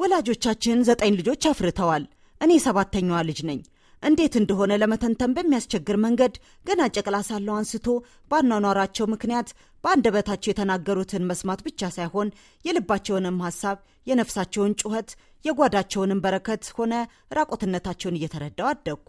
ወላጆቻችን ዘጠኝ ልጆች አፍርተዋል። እኔ ሰባተኛዋ ልጅ ነኝ። እንዴት እንደሆነ ለመተንተን በሚያስቸግር መንገድ ገና ጨቅላ ሳለው አንስቶ ባኗኗራቸው ምክንያት በአንደበታቸው የተናገሩትን መስማት ብቻ ሳይሆን የልባቸውንም ሐሳብ፣ የነፍሳቸውን ጩኸት፣ የጓዳቸውንም በረከት ሆነ ራቆትነታቸውን እየተረዳው አደግኩ።